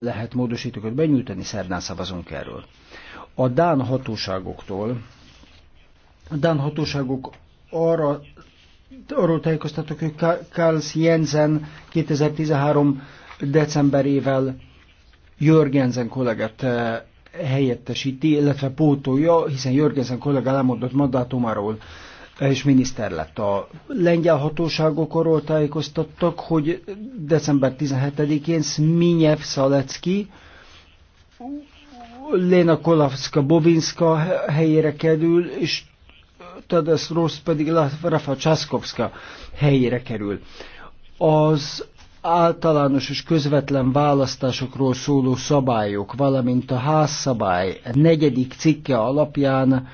lehet módosítókat benyújtani, szerdán szavazunk erről. A Dán hatóságoktól, a Dán hatóságok arra, arról tájékoztatok, hogy Karls Jensen 2013 decemberével Jörgensen kollégát eh, helyettesíti, illetve pótolja, hiszen Jörgensen kollega lemondott mandátumáról és miniszter lett. A lengyel hatóságok arról tájékoztattak, hogy december 17-én Sminyev Szalecki Léna Kolavska Bovinska helyére kerül, és Tadasz Rossz pedig Rafa Császkowska helyére kerül. Az általános és közvetlen választásokról szóló szabályok, valamint a házszabály negyedik cikke alapján